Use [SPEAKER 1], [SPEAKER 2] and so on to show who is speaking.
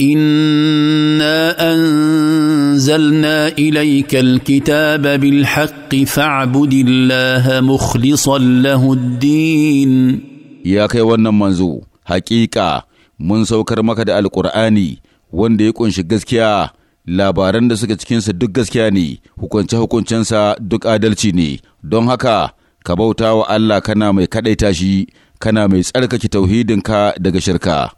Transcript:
[SPEAKER 1] انا انزلنا اليك الكتاب
[SPEAKER 2] بالحق فاعبد الله مخلصا له الدين يا kai wannan manzo haƙiƙa mun saukar maka da alƙur'ani wanda ya ƙunshi gaskiya labaran da suka cikinsa duk gaskiya ne hukunce-hukuncensa duk adalci ne don haka ka bauta wa Allah kana mai kaɗaita shi kana mai tsarkake tauhidinka daga shirka